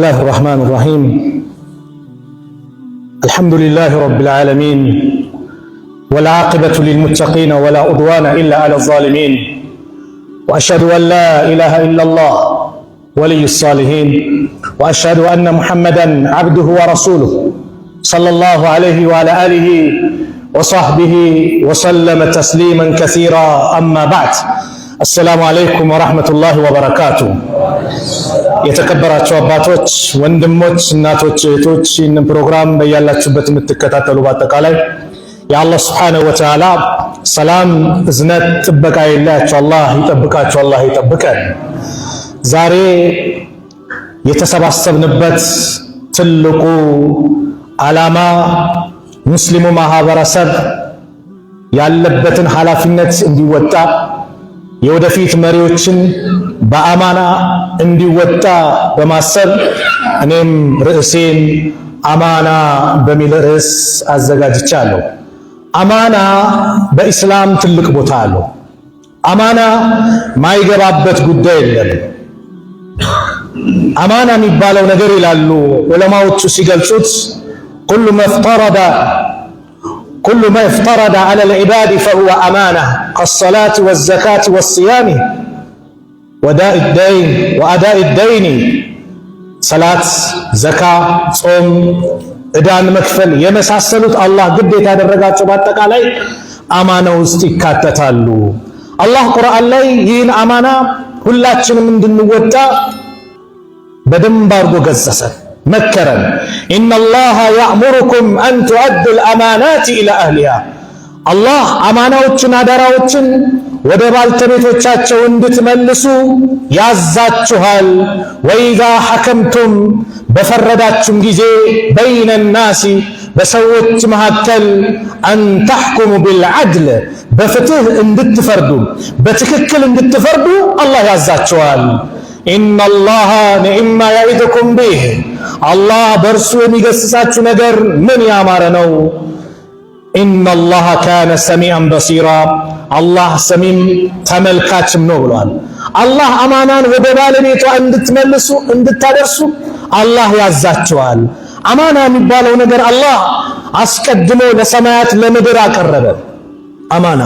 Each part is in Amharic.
الله الرحمن الرحيم الحمد لله رب العالمين والعاقبة للمتقين ولا أدوان إلا على الظالمين وأشهد أن لا إله إلا الله ولي الصالحين وأشهد أن محمدا عبده ورسوله صلى الله عليه وعلى آله وصحبه وسلم تسليما كثيرا أما بعد السلام عليكم ورحمة الله وبركاته የተከበራቸው አባቶች፣ ወንድሞች፣ እናቶች፣ እህቶች ይህንን ፕሮግራም በያላችሁበት የምትከታተሉ በአጠቃላይ የአላህ ስብሓነሁ ወተዓላ ሰላም፣ እዝነት፣ ጥበቃ የለያቸው አላህ ይጠብቃቸው፣ አላህ ይጠብቀን። ዛሬ የተሰባሰብንበት ትልቁ ዓላማ ሙስሊሙ ማህበረሰብ ያለበትን ኃላፊነት እንዲወጣ የወደፊት መሪዎችን بأمانة اندي وطا بماسر انيم رئيسين أمانة بميل رئيس الزجاج تشالو أمانة بإسلام تلك بوتالو أمانة ما يقربت قدين أمانة ميبالو نقري لالو ولما تسيقل سوت كل ما افترض كل ما افترض على العباد فهو أمانة الصلاة والزكاة والصيام ወአዳኢ ደይኒ ሰላት፣ ዘካ፣ ጾም፣ ዕዳን መክፈል የመሳሰሉት አላህ ግዴታ ያደረጋቸው በአጠቃላይ አማና ውስጥ ይካተታሉ። አላህ ቁርአን ላይ ይህን አማና ሁላችንም እንድንወጣ በደንብ አድርጎ ገሰሰን፣ መከረን። ኢነላሃ ያእሙሩኩም አን ቱአዱል አማናት ኢላ አህሊያ አላህ አማናዎችን አደራዎችን ወደ ባልተቤቶቻቸው እንድትመልሱ ያዛችኋል። ወኢዛ ሐከምቱም በፈረዳችሁም ጊዜ በይነ ናሲ በሰዎች መካከል አንተሕኩሙ ቢልዓድል በፍትህ እንድትፈርዱ በትክክል እንድትፈርዱ አላህ ያዛችኋል። ኢነላሃ ኒዕማ ያዒዱኩም ቢህ አላህ በእርሱ የሚገስጻችሁ ነገር ምን ያማረ ነው። ኢነላሃ ካነ ሰሚዐን በሲራ አላህ ሰሚም ተመልካችም ነው ብለዋል። አላህ አማናን ወደ ባለቤቷ እንድትመልሱ እንድታደርሱ አላህ ያዛቸዋል። አማና የሚባለው ነገር አላህ አስቀድሞ ለሰማያት ለምድር አቀረበ። አማና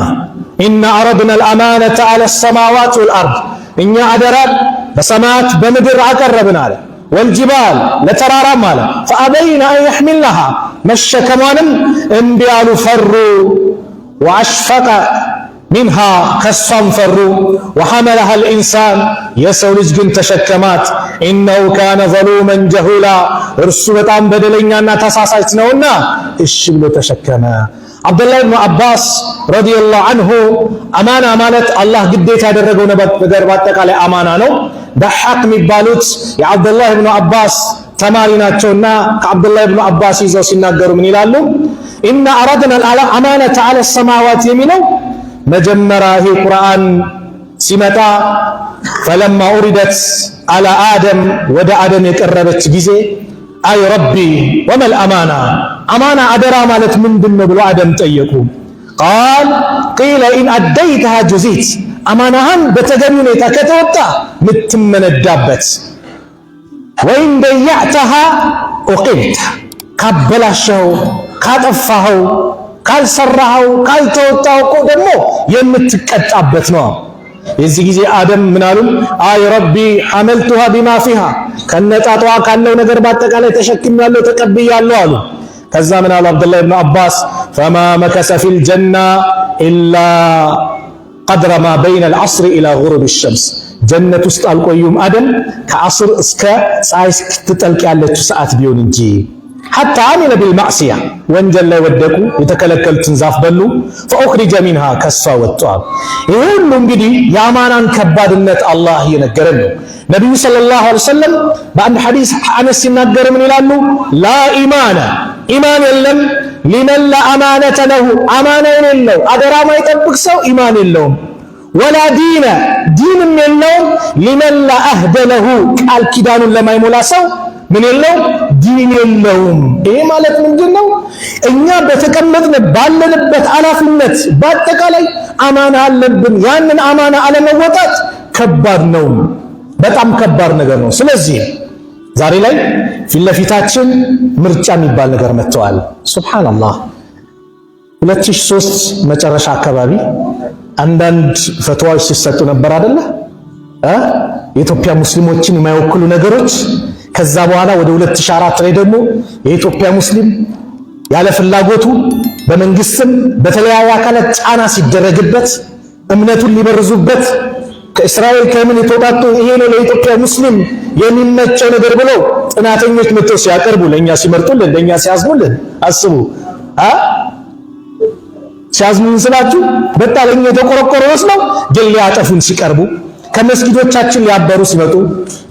ኢና አረድና ልአማነተ አለ ሰማዋት ወልአርድ እኛ አደራን በሰማያት በምድር አቀረብን አለ። ወልጅባል ለተራራም አለ ፈአበይና አን የሕሚልናሃ መሸከሟንም እምቢ አሉ ፈሩ። ወአሽፈቀ ሚንሃ ከሷም ፈሩ። ወሐመለሃ ልኢንሳን የሰው ልጅ ግን ተሸከማት። ኢነሁ ካነ ዘሉመን ጀሁላ እርሱ በጣም በደለኛና ተሳሳች ነውና እሺ ብሎ ተሸከመ። አብዱላህ ብኑ አባስ ረዲየላሁ አንሁ አማና ማለት አላህ ግዴታ ያደረገው ነገር በአጠቃላይ አማና ነው። ደሓቅ የሚባሉት የአብዱላህ ብኑ አባስ ተማሪ ናቸውና ከአብዱላህ ብኑ አባስ ይዘው ሲናገሩ ምን ይላሉ? ኢነ አረድና አማነተ አለ ሰማዋት የሚለው መጀመሪያ ይሄ ቁርአን ሲመጣ ፈለማ ኡሪደት አላ አደም ወደ አደም የቀረበች ጊዜ አይ ረቢ ወመል አማና አማና አደራ ማለት ምንድን ብሎ አደም ጠየቁ። ቃል ቂለ ኢን አደይተሃ ጁዚት አማናህን በተገቢ ሁኔታ ከተወጣ ምትመነዳበት ወይም በያዕተሃ ኡቂብተ ካበላሸኸው፣ ካጠፋኸው፣ ካልሰራኸው፣ ካልተወጣው እኮ ደግሞ የምትቀጣበት ነው። የዚህ ጊዜ አደም ምናሉም አይ ረቢ ሐመልቱሃ ቢማ ፊሃ ከነጣጧ ካለው ነገር በአጠቃላይ ተሸክሜያለሁ ተቀብያለሁ አሉ። ከዛ ምን አሉ አብዱላህ ብን አባስ ፈማ መከሰ ፊል ጀና ኢላ ቀድረ ማ በይነ አልዐስሪ ኢላ ጉሩብ ሸምስ ጀነት ውስጥ አልቆዩም አደም ከአስር እስከ ፀሐይ እስክትጠልቅ ያለችው ሰዓት ቢሆን እንጂ ሐታ አሚለ ቢልማዕስያ ወንጀል ላይ ወደቁ፣ የተከለከሉትን ዛፍ በሉ። ፈኦክሪጀ ሚንሃ ከሷ ወጥቷል። ይህ ሁሉ እንግዲህ የአማናን ከባድነት አላህ እየነገረን ነው። ነቢዩ ሰለላሁ ዐለይሂ ወሰለም በአንድ ሐዲስ አነስ ሲናገር ምን ይላሉ? ላ ኢማና ኢማን የለም ሊመን ላ አማነተ ለሁ አማና የሌለው አደራ ማይጠብቅ ሰው ኢማን የለውም ወላ ዲነ ዲንም የለውም ሊመን አህደለሁ ቃል ኪዳኑን ለማይሞላ ሰው ምን የለው ዲን የለውም። ይሄ ማለት ምንድን ነው? እኛ በተቀመጥን ባለንበት ኃላፊነት በአጠቃላይ አማና አለብን። ያንን አማና አለመወጣት ከባድ ነው፣ በጣም ከባድ ነገር ነው። ስለዚህ ዛሬ ላይ ፊት ለፊታችን ምርጫ የሚባል ነገር መጥተዋል። ሱብሃነላህ 2003 መጨረሻ አካባቢ አንዳንድ ፈትዋዎች ሲሰጡ ነበር አይደለ? የኢትዮጵያ ሙስሊሞችን የማይወክሉ ነገሮች። ከዛ በኋላ ወደ 2004 ላይ ደግሞ የኢትዮጵያ ሙስሊም ያለ ፍላጎቱ በመንግስትም በተለያየ አካላት ጫና ሲደረግበት እምነቱን ሊበርዙበት ከእስራኤል ከምን የተወጣጡ ይሄ ነው ለኢትዮጵያ ሙስሊም የሚመቸው ነገር ብለው ጥናተኞች መጥተው ሲያቀርቡ ለእኛ ሲመርጡልን ለእኛ ሲያዝኑልን አስቡ። ሲያዝኑን ስላችሁ በጣለኝ የተቆረቆረ መስለው ድል ሊያጠፉን ሲቀርቡ ከመስጊዶቻችን ሊያበሩ ሲመጡ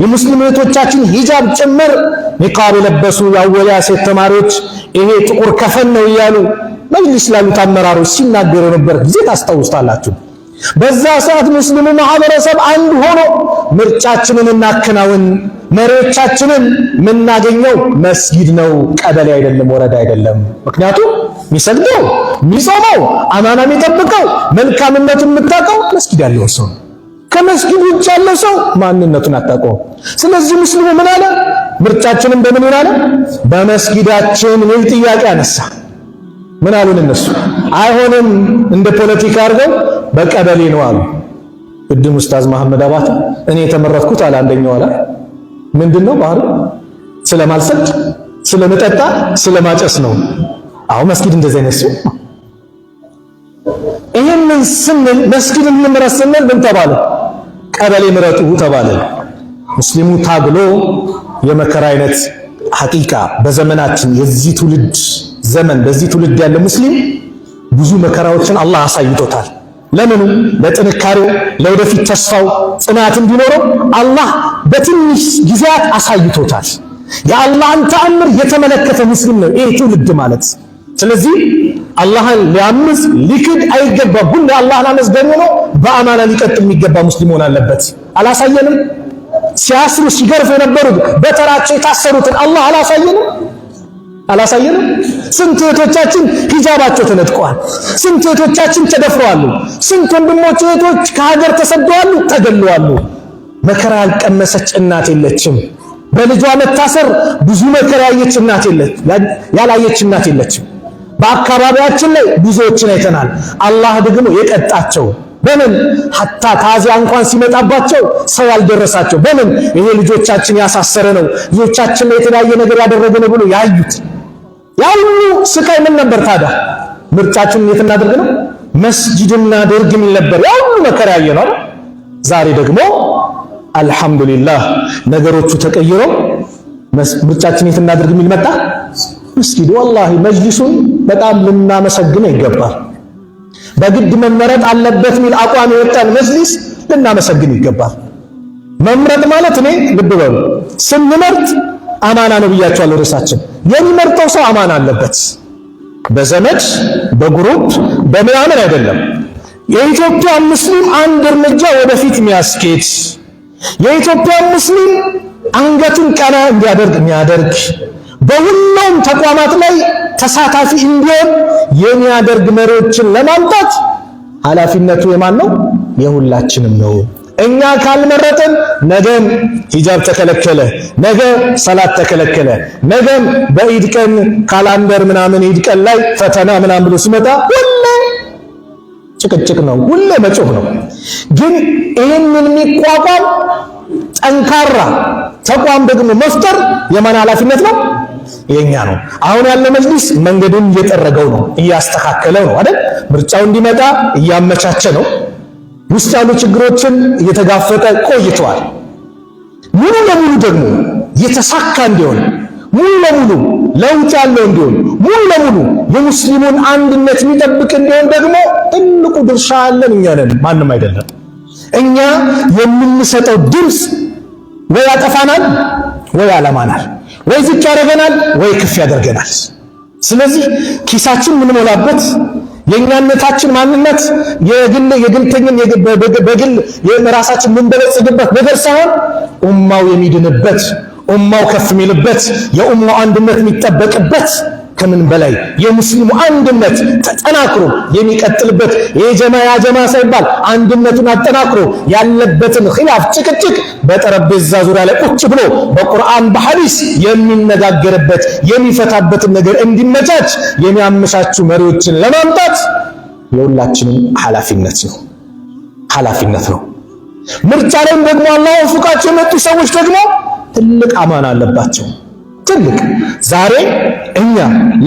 የሙስሊም እህቶቻችን ሂጃብ ጭምር ኒቃብ የለበሱ የአወሊያ ሴት ተማሪዎች ይሄ ጥቁር ከፈን ነው እያሉ መጅሊስ ላሉት አመራሮች ሲናገሩ ነበር ጊዜ ታስታውስታላችሁ። በዛ ሰዓት ሙስሊሙ ማህበረሰብ አንድ ሆኖ ምርጫችንን እናከናውን፣ መሪዎቻችንን የምናገኘው መስጊድ ነው፣ ቀበሌ አይደለም፣ ወረዳ አይደለም። ምክንያቱም የሚሰግደው የሚጾመው አማናም የሚጠብቀው መልካምነቱን የምታውቀው መስጊድ ያለው ሰው ከመስጊድ ውጭ ያለው ሰው ማንነቱን አታውቀውም። ስለዚህ ሙስሊሙ ምን አለ? ምርጫችንም በምን ይሆናል? በመስጊዳችን የሚል ጥያቄ አነሳ። ምን አሉን እነሱ? አይሆንም እንደ ፖለቲካ አድርገው በቀበሌ ነው አሉ። ቅድም ኡስታዝ መሐመድ አባተ እኔ የተመረጥኩት አለ አንደኛው አለ ምንድነው ባህሪ ስለማልሰጥ ስለመጠጣ ስለማጨስ ነው አሁን መስጊድ እንደዚህ አይነት ሲሆን ይህንን ስንል መስጊድ እንምረጥ ስንል ምን ተባለ? ቀበሌ ምረጡ ተባለ። ሙስሊሙ ታግሎ የመከራ አይነት ሐቂቃ በዘመናችን የዚህ ትውልድ ዘመን በዚህ ትውልድ ያለ ሙስሊም ብዙ መከራዎችን አላህ አሳይቶታል። ለምኑ ለጥንካሬው፣ ለወደፊት ተስፋው ጽናት እንዲኖረው አላህ በትንሽ ጊዜያት አሳይቶታል። የአላህን ተአምር የተመለከተ ሙስሊም ነው ይህ ትውልድ ማለት ስለዚህ አላህን ሊያምፅ ሊክድ አይገባም። ሁሌ አላህን አመስጋኝ ነው። በአማና ሊቀጥ የሚገባ ሙስሊም መሆን አለበት። አላሳየንም? ሲያስሩ ሲገርፉ የነበሩት በተራቸው የታሰሩትን አላህ አላሳየንም? አላሳየንም? ስንት እህቶቻችን ሂጃባቸው ተነጥቀዋል። ስንት እህቶቻችን ተደፍረዋሉ። ስንት ወንድሞች እህቶች ከሀገር ተሰደዋሉ፣ ተገለዋሉ። መከራ ያልቀመሰች እናት የለችም። በልጇ መታሰር ብዙ መከራ ያየች እናት የለችም። በአካባቢያችን ላይ ብዙዎችን አይተናል። አላህ ደግሞ የቀጣቸው በምን ሀታ ታዚያ እንኳን ሲመጣባቸው ሰው ያልደረሳቸው በምን ይሄ ልጆቻችን ያሳሰረ ነው ልጆቻችን ላይ የተለያየ ነገር ያደረገ ነው ብሎ ያዩት ያሉ ስቃይ ምን ነበር ታዲያ? ምርጫችን የት እናደርግ ነው? መስጂድና ደርግ የሚል ነበር። ያሉ መከራ ያየ ነው። ዛሬ ደግሞ አልሐምዱሊላህ ነገሮቹ ተቀይረው ምርጫችን የት እናደርግ የሚል መጣ። ምስኪን ወላሂ መጅሊሱን በጣም ልናመሰግነው ይገባል። በግድ መመረጥ አለበት የሚል አቋም የወጣን መጅሊስ ልናመሰግን ይገባል። መምረጥ ማለት እኔ ልብ በሉ ስንመርጥ አማና ነው ብያቸዋለሁ። ርዕሳችን የሚመርጠው ሰው አማና አለበት። በዘመድ በግሩፕ በምናምን አይደለም። የኢትዮጵያ ሙስሊም አንድ እርምጃ ወደፊት የሚያስኬድ የኢትዮጵያ ሙስሊም አንገትን ቀና እንዲያደርግ የሚያደርግ በሁሉም ተቋማት ላይ ተሳታፊ እንዲሆን የሚያደርግ መሪዎችን ለማምጣት ኃላፊነቱ የማን ነው? የሁላችንም ነው። እኛ ካልመረጥን ነገም ሂጃብ ተከለከለ፣ ነገ ሰላት ተከለከለ፣ ነገም በኢድ ቀን ካላንደር ምናምን ኢድ ቀን ላይ ፈተና ምናምን ብሎ ሲመጣ ሁሌ ጭቅጭቅ ነው፣ ሁሌ መጮህ ነው። ግን ይህንን የሚቋቋም ጠንካራ ተቋም ደግሞ መፍጠር የማን ኃላፊነት ነው? የኛ ነው። አሁን ያለ መጅሊስ መንገዱን እየጠረገው ነው፣ እያስተካከለው ነው አይደል? ምርጫው እንዲመጣ እያመቻቸ ነው። ውስጥ ያሉ ችግሮችን እየተጋፈጠ ቆይተዋል። ሙሉ ለሙሉ ደግሞ የተሳካ እንዲሆን ሙሉ ለሙሉ ለውጥ ያለው እንዲሆን ሙሉ ለሙሉ የሙስሊሙን አንድነት የሚጠብቅ እንዲሆን ደግሞ ትልቁ ድርሻ አለን እኛ ነን፣ ማንም አይደለም። እኛ የምንሰጠው ድምፅ ወይ ያጠፋናል ወይ ያለማናል። ወይ ዝቅ ያደርገናል፣ ወይ ክፍ ያደርገናል። ስለዚህ ኪሳችን የምንሞላበት የእኛነታችን ማንነት የግል የግልተኝን በግል ራሳችን የምንበለጽግበት ነገር ሳይሆን ኡማው የሚድንበት ኡማው ከፍ የሚልበት የኡማው አንድነት የሚጠበቅበት ከምን በላይ የሙስሊሙ አንድነት ተጠናክሮ የሚቀጥልበት የጀማ ያጀማ ሳይባል አንድነቱን አጠናክሮ ያለበትን ኺላፍ ጭቅጭቅ በጠረጴዛ ዙሪያ ላይ ቁጭ ብሎ በቁርአን በሐዲስ የሚነጋገርበት የሚፈታበትን ነገር እንዲመቻች የሚያመቻቹ መሪዎችን ለማምጣት የሁላችንም ኃላፊነት ነው ኃላፊነት ነው። ምርጫ ላይም ደግሞ አላህ ወፍቃቸው የመጡ ሰዎች ደግሞ ትልቅ አማና አለባቸው። ትልቅ ዛሬ እኛ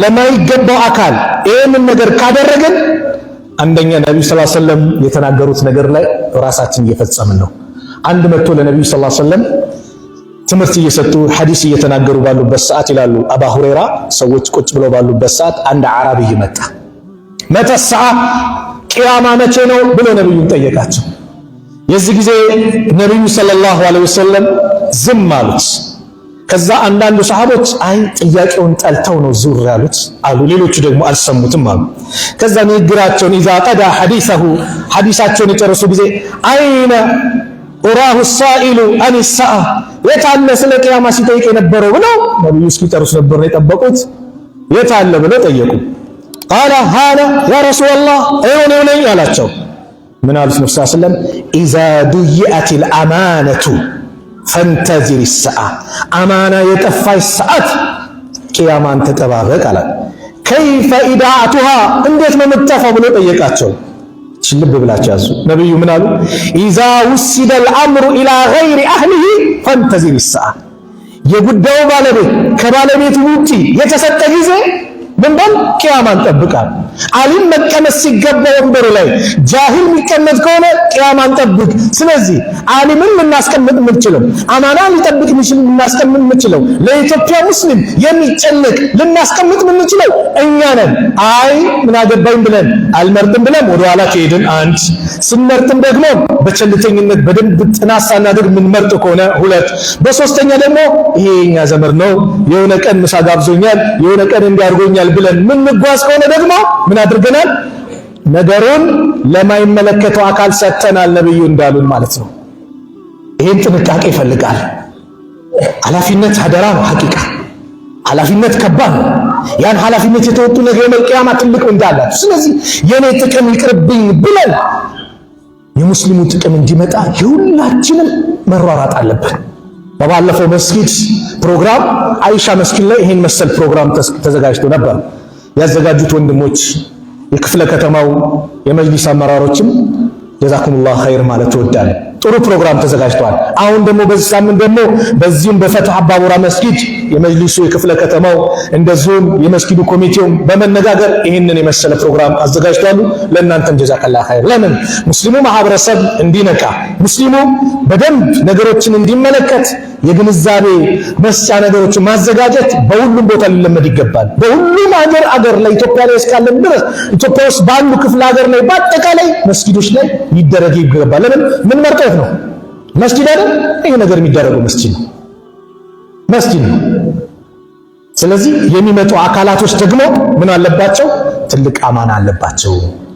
ለማይገባው አካል ይህንን ነገር ካደረግን አንደኛ ነቢዩ ሰለላሁ ዐለይሂ ወሰለም የተናገሩት ነገር ላይ ራሳችን እየፈጸምን ነው። አንድ መጥቶ ለነቢዩ ሰለላሁ ዐለይሂ ወሰለም ትምህርት እየሰጡ ሐዲስ እየተናገሩ ባሉበት ሰዓት ይላሉ አባ ሁሬራ ሰዎች ቁጭ ብለው ባሉበት ሰዓት አንድ አዕራብይ መጣ። መተ ሰዓ መቼ ነው ብሎ ነቢዩን ጠየቃቸው። የዚህ ጊዜ ነቢዩ ሰለላሁ ዐለይሂ ወሰለም ዝም አሉት። ከዛ አንዳንዱ ሰሃቦች አይ ጥያቄውን ጠልተው ነው ዙር ያሉት አሉ። ሌሎቹ ደግሞ አልሰሙትም አሉ። ከዛ ንግግራቸውን ኢዛ ቀዳ ሐዲሰሁ ሐዲሳቸውን የጨረሱ ጊዜ አይነ ኡራሁ ሳኢሉ አን ሰአ የታለ ስለ ቅያማ ሲጠይቅ የነበረው ብለው ነብዩ እስኪጨርሱ ነበር ነው የጠበቁት። የታለ ብለው ጠየቁ። ቃለ ሃና ያ ረሱላላህ እኔው ነኝ አላቸው። ምን አሉት ነብዩ ሰለላሁ ዐለይሂ ኢዛ ዱይአቲል አማነቱ ፈንተዚር ሰዓ አማና የጠፋች ሰዓት ቅያማን ተጠባበቅ አላት። ከይፈ ኢዳአቱሃ እንዴት ነው የምትጠፋው ብሎ ጠየቃቸው። ልብ ብላችሁ ያዙ። ነቢዩ ምን አሉ? ኢዛ ውሲደ ልአምሩ ኢላ ገይሪ አህሊሂ ፈንተዚር ሰዓ የጉዳዩ ባለቤት ከባለቤቱ ውጪ የተሰጠ ጊዜ ምን በል ቅያማን ጠብቃል። አሊም መቀመጥ ሲገባ ወንበሩ ላይ ጃሂል የሚቀመጥ ከሆነ ቅያማን ጠብቅ። ስለዚህ አሊምን ልናስቀምጥ የምንችለው አማና ሊጠብቅ የሚችል ልናስቀምጥ የምንችለው ለኢትዮጵያ ሙስሊም የሚጨነቅ ልናስቀምጥ የምንችለው እኛ ነን። አይ ምን አገባኝ ብለን አልመርጥም ብለን ኋላ ከሄድን አንድ፣ ስንመርጥም ደግሞ በቸልተኝነት በደንብ ጥናት ሳናደርግ የምንመርጥ ከሆነ ሁለት፣ በሶስተኛ ደግሞ ይሄ የኛ ዘመድ ነው የሆነ ቀን ምሳ ጋብዞኛል የሆነ ቀን እንዲያርጎኛል ይችላል ብለን ምንጓዝ ከሆነ ደግሞ ምን አድርገናል? ነገሩን ለማይመለከተው አካል ሰጥተናል፣ ነብዩ እንዳሉን ማለት ነው። ይሄን ጥንቃቄ ይፈልጋል። ኃላፊነት አደራ ነው። ሐቂቃ ኃላፊነት ከባድ ነው። ያን ኃላፊነት የተወጡ ነገ የመልቅያማ ትልቅ እንዳላችሁ። ስለዚህ የኔ ጥቅም ይቅርብኝ ብለን የሙስሊሙ ጥቅም እንዲመጣ የሁላችንም መሯራጥ አለብን። በባለፈው መስጊድ ፕሮግራም አይሻ መስጊድ ላይ ይሄን መሰል ፕሮግራም ተዘጋጅቶ ነበር። ያዘጋጁት ወንድሞች፣ የክፍለ ከተማው የመጅሊስ አመራሮችም ጀዛኩሙላህ ኸይር ማለት ይወዳል። ጥሩ ፕሮግራም ተዘጋጅቷል። አሁን ደግሞ በዚህ ሳምንት ደግሞ በዚህም በፈትህ አባቡራ መስጊድ የመጅሊሱ የክፍለ ከተማው እንደዚሁም የመስጊዱ ኮሚቴውም በመነጋገር ይህንን የመሰለ ፕሮግራም አዘጋጅቷሉ። ለእናንተም ጀዛከላ ኸይር። ለምን ሙስሊሙ ማህበረሰብ እንዲነቃ፣ ሙስሊሙ በደንብ ነገሮችን እንዲመለከት የግንዛቤ መስጫ ነገሮችን ማዘጋጀት በሁሉም ቦታ ሊለመድ ይገባል። በሁሉም ሀገር አገር ላይ ኢትዮጵያ ላይ እስካለን ድረስ ኢትዮጵያ ውስጥ ባሉ ክፍለ ሀገር ላይ በአጠቃላይ መስጊዶች ላይ ሊደረግ ይገባል። ለምን ምን መርጠት ነው መስጊድ አይደል? ይሄ ነገር የሚደረገው መስጊድ ነው። መስጂድ ነው። ስለዚህ የሚመጡ አካላቶች ደግሞ ምን አለባቸው? ትልቅ አማና አለባቸው።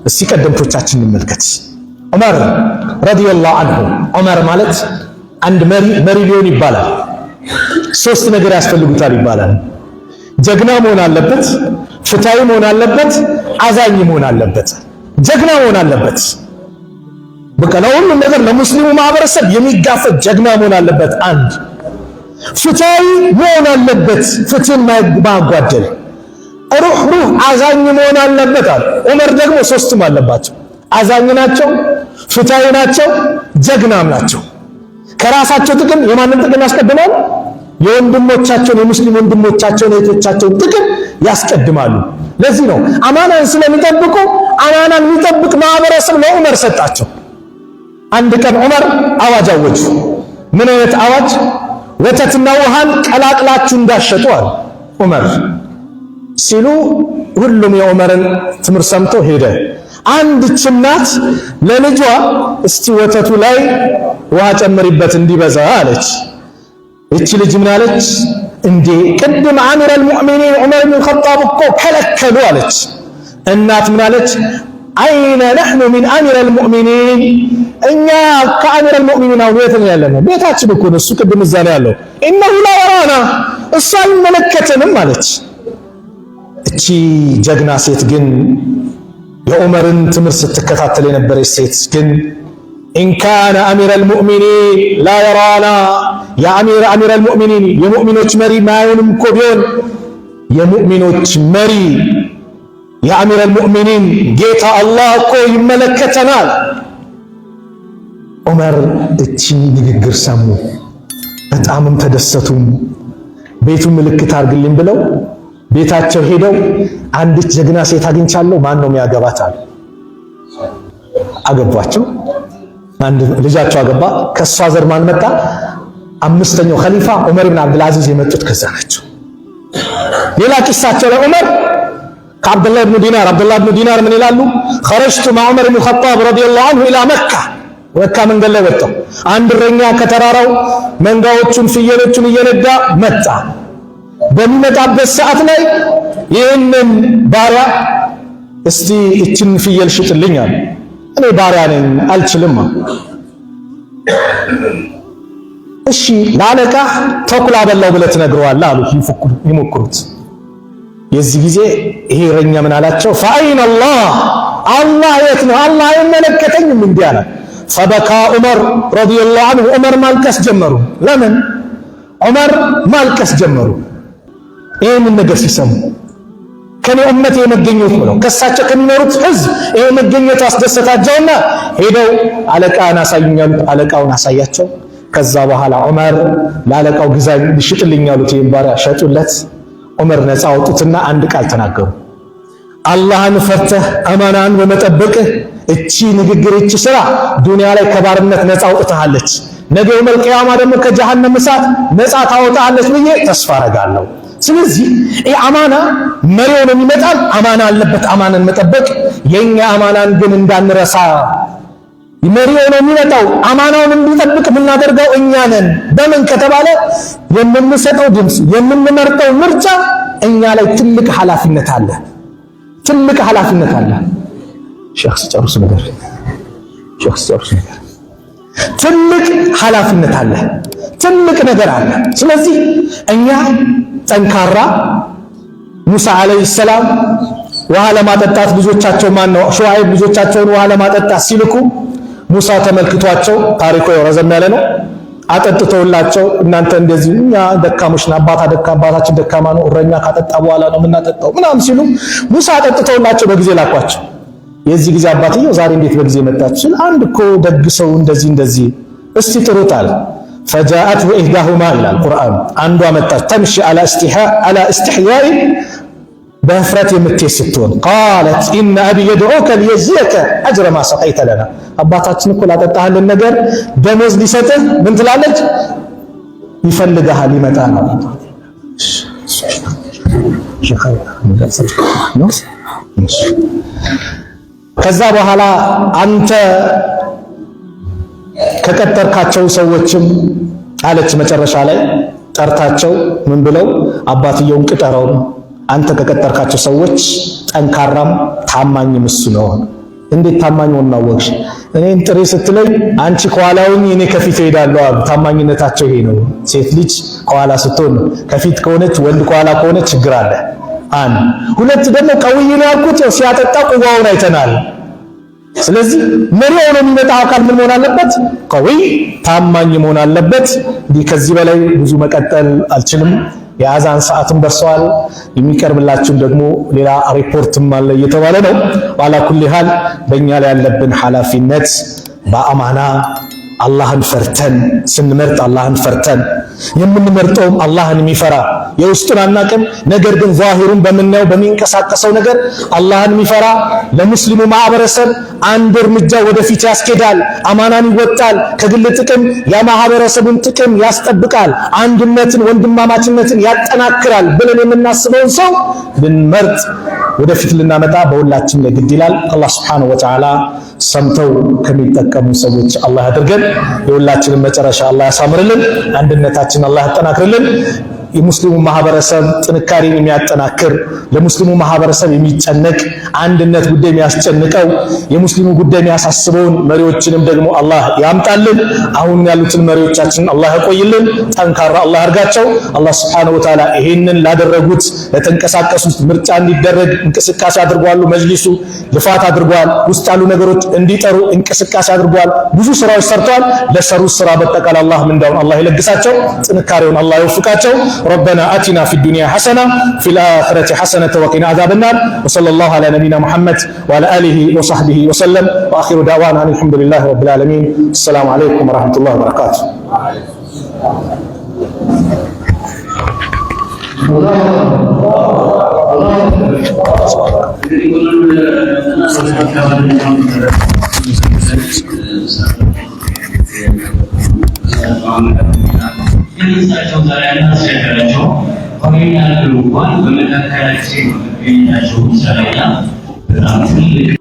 እስቲ ቀደምቶቻችን እንመልከት። ዑመር ረዲየላሁ አንሁ ዑመር ማለት አንድ መሪ መሪ ሊሆን ይባላል ሶስት ነገር ያስፈልጉታል ይባላል። ጀግና መሆን አለበት፣ ፍትሃዊ መሆን አለበት፣ አዛኝ መሆን አለበት። ጀግና መሆን አለበት። በቃ ለሁሉም ነገር ለሙስሊሙ ማህበረሰብ የሚጋፈጥ ጀግና መሆን አለበት አንድ ፍትሃዊ መሆን አለበት። ፍትህን ማጓደል ሩህሩህ አዛኝ መሆን አለበት አሉ። ዑመር ደግሞ ሶስቱም አለባቸው። አዛኝ ናቸው፣ ፍትሃዊ ናቸው፣ ጀግናም ናቸው። ከራሳቸው ጥቅም የማንም ጥቅም ያስቀድማሉ። የወንድሞቻቸውን የሙስሊም ወንድሞቻቸውን እህቶቻቸውን ጥቅም ያስቀድማሉ። ለዚህ ነው አማናን ስለሚጠብቁ አማናን የሚጠብቅ ማህበረሰብ ለዑመር ሰጣቸው። አንድ ቀን ዑመር አዋጅ አወጁ። ምን አይነት አዋጅ? ወተትና ውሃን ቀላቅላችሁ እንዳሸጡ አሉ ዑመር ሲሉ ሁሉም የዑመርን ትምህርት ሰምቶ ሄደ። አንድች እናት ለልጇ እስቲ ወተቱ ላይ ውሃ ጨምሪበት እንዲበዛ አለች። እቺ ልጅ ምን አለች? እንዴ ቅድም አሚረል ሙእሚኒን ዑመር ብን ኸጣብ እኮ ከለከሉ አለች። እናት ምን አለች? አይነ ነሕኑ ሚን አሚረል ሙእሚኒን እኛ ከአሚረል ሙእሚኒን አሁን የት ነው ያለነው? ቤታችን እኮ እሱ ቅድም እዛ ላይ ያለው እነሁ ላ የራና እሱ አይመለከተንም አለች። እቺ ጀግና ሴት ግን የዑመርን ትምህርት ስትከታተል የነበረች ሴት ግን ኢንካነ አሚረል ሙእሚኒን ላ የራና የአሚረል ሙእሚኒን የሙእሚኖች መሪ ማየንም እኮ ቢሆን የሙእሚኖች መሪ የአሚር አልሙእሚኒን ጌታ አላህ እኮ ይመለከተናል። ዑመር እቺ ንግግር ሰሙ፣ በጣምም ተደሰቱም። ቤቱን ምልክት አድርግልኝ ብለው ቤታቸው ሄደው አንዲት ጀግና ሴት አግኝቻለሁ፣ ማን ነው የሚያገባት አገቧቸው። አንድ ልጃቸው አገባ። ከእሷ ዘር ማን መጣ? አምስተኛው ኸሊፋ ዑመር ብን አብዱል አዚዝ የመጡት ከዛ ናቸው። ሌላ ቂሳቸው ላይ ዑመር ከአብደላ ብኑ ዲናር አብደላ ብኑ ዲናር ምን ይላሉ? ኸረጅቱ ማዑመር ብኑ ኸጣብ ረዲየላሁ አንሁ ኢላ መካ መካ መንገድ ላይ ወጣው። አንድ እረኛ ከተራራው መንጋዎቹን ፍየሎቹን እየነዳ መጣ። በሚመጣበት ሰዓት ላይ ይህንን ባሪያ እስቲ እችን ፍየል ሽጥልኝ አለ። እኔ ባሪያ ነኝ አልችልም። እሺ ለአለቃህ ተኩላ በላው ብለህ ትነግረዋለህ አሉ። ይሞክሩት የዚህ ጊዜ ይሄ እረኛ ምን አላቸው? ፈአይን አላህ አላህ የት ነው? አላህ አይመለከተኝም እንዲህ አለ። ፈበካ ዑመር ረዲየላሁ አንሁ ዑመር ማልቀስ ጀመሩ። ለምን ዑመር ማልቀስ ጀመሩ? ይህንን ነገር ሲሰሙ ከኔ እመት የመገኘት ብለው ከሳቸው ከሚኖሩት ህዝብ ይሄ መገኘቱ አስደሰታቸውና ሄደው አለቃን አሳዩኝ አለቃውን አሳያቸው። ከዛ በኋላ ዑመር ለአለቃው ግዛኝ ልሽጥልኝ ይህን ባሪያ ሸጡለት። ዑመር ነፃ አውጡትና አንድ ቃል ተናገሩ። አላህን ፈርተህ አማናን በመጠበቅህ እቺ ንግግር እቺ ስራ ዱንያ ላይ ከባርነት ነፃ አውጥታለች፣ ነገው መልቅያማ ደግሞ ከጀሃነም እሳት ነፃ ታወጣለች ብዬ ተስፋ አረጋለሁ። ስለዚህ ይህ አማና መሪውን የሚመጣል አማና አለበት። አማናን መጠበቅ የኛ አማናን ግን እንዳንረሳ መሪ ሆኖ የሚመጣው አማናውን እንዲጠብቅ የምናደርገው እኛ ነን። በምን ከተባለ የምንሰጠው ድምፅ፣ የምንመርጠው ምርጫ እኛ ላይ ትልቅ ኃላፊነት አለ። ትልቅ ኃላፊነት አለ። ሸክስ ጨርሱ ነገር ሸክስ ጨርሱ ነገር ትልቅ ኃላፊነት አለ። ትልቅ ነገር አለ። ስለዚህ እኛ ጠንካራ ሙሳ አለይሂ ሰላም ውሃ ለማጠጣት ልጆቻቸው ማን ነው ሹዓይብ ልጆቻቸውን ውሃ ለማጠጣት ሲልኩ ሙሳ ተመልክቷቸው ታሪኮ ረዘም ያለ ነው። አጠጥተውላቸው እናንተ እንደዚህ እኛ ደካሞች አባታ ደካ አባታችን ደካማ ነው፣ እረኛ ካጠጣ በኋላ ነው የምናጠጣው ምናምን ሲሉ ሙሳ አጠጥተውላቸው በጊዜ ላኳቸው። የዚህ ጊዜ አባትየው ዛሬ እንዴት በጊዜ መጣች? አንድ እኮ ደግ ሰው እንደዚህ እንደዚህ እስቲ ጥሩታል። ፈጃአት ኢህዳሁማ ይላል ቁርአን። አንዷ መጣች ተምሺ አላ ኢስትሕያኢ በህፍረት የምትሄድ ስትሆን ቃለት ኢነ አቢ የድዑከ ሊየጅዘከ አጅረ ማ ሰቀይተ ለና አባታችን እኮ ላጠጣህልን ነገር ደመወዝ ሊሰጥህ ምን ትላለች? ይፈልግሃል፣ ይመጣ ነው። ከዛ በኋላ አንተ ከቀጠርካቸው ሰዎችም አለች መጨረሻ ላይ ጠርታቸው ምን ብለው አባትየውን ቅጠረው አንተ ከቀጠርካቸው ሰዎች ጠንካራም ታማኝም እሱ ነው። እንዴት ታማኝ ሆና ወቅሽ? እኔን ጥሪ ስትለኝ አንቺ ከኋላውን እኔ ከፊት እሄዳለሁ አሉ። ታማኝነታቸው ይሄ ነው። ሴት ልጅ ከኋላ ስትሆን ከፊት ከሆነች ወንድ ከኋላ ከሆነ ችግር አለ። አንድ ሁለት ደግሞ ቀውይ ነው ያልኩት ሲያጠጣ ቁባውን አይተናል። ስለዚህ መሪ ሆኖ የሚመጣ አካል ምን መሆን አለበት? ቀውይ ታማኝ መሆን አለበት። ከዚህ በላይ ብዙ መቀጠል አልችልም። የአዛን ሰዓትም ደርሰዋል። የሚቀርብላችሁም ደግሞ ሌላ ሪፖርትም አለ እየተባለ ነው። ዋላ ኩሊ በእኛ ላይ ያለብን ኃላፊነት በአማና አላህን ፈርተን ስንመርጥ አላህን ፈርተን የምንመርጠውም አላህን የሚፈራ የውስጡን አናቅም፣ ነገር ግን ዛሂሩን በምናየው በሚንቀሳቀሰው ነገር አላህን የሚፈራ ለሙስሊሙ ማህበረሰብ አንድ እርምጃ ወደፊት ያስኬዳል፣ አማናን ይወጣል፣ ከግል ጥቅም የማህበረሰቡን ጥቅም ያስጠብቃል፣ አንድነትን ወንድማማችነትን ያጠናክራል ብለን የምናስበውን ሰው ልንመርጥ ወደፊት ልናመጣ በሁላችን ላይ ግድ ይላል። አላህ ሱብሓነሁ ወተዓላ ሰምተው ከሚጠቀሙ ሰዎች አላህ አድርገን። የሁላችንም መጨረሻ አላህ ያሳምርልን። አንድነታችን አላህ ያጠናክርልን። የሙስሊሙ ማህበረሰብ ጥንካሬን የሚያጠናክር ለሙስሊሙ ማህበረሰብ የሚጨነቅ አንድነት ጉዳይ የሚያስጨንቀው የሙስሊሙ ጉዳይ የሚያሳስበውን መሪዎችንም ደግሞ አላህ ያምጣልን። አሁን ያሉትን መሪዎቻችንን አላህ ያቆይልን፣ ጠንካራ አላህ አርጋቸው። አላህ ሱብሓነሁ ወተዓላ ይሄንን ላደረጉት ለተንቀሳቀሱት ምርጫ እንዲደረግ እንቅስቃሴ አድርጓሉ። መጅሊሱ ልፋት አድርጓል። ውስጥ ያሉ ነገሮች እንዲጠሩ እንቅስቃሴ አድርጓል። ብዙ ስራዎች ሰርተዋል። ለሰሩት ስራ በጠቃላ አላህ ምንዳውን አላህ ይለግሳቸው፣ ጥንካሬውን አላህ ይወፍቃቸው። ربنا أتنا في الدنيا حسنة في الآخرة حسنة وقنا عذاب النار وصلى الله على نبينا محمد وعلى آله وصحبه وسلم وآخر دعوانا أن الحمد لله رب العالمين السلام عليكم ورحمة الله وبركاته Allah Allah Allah ከልብሳቸው ጋር ያላስቸገራቸው ያሉ እንኳን በመካከላቸው የሚገኛቸው ሰላያ በጣም ትልቅ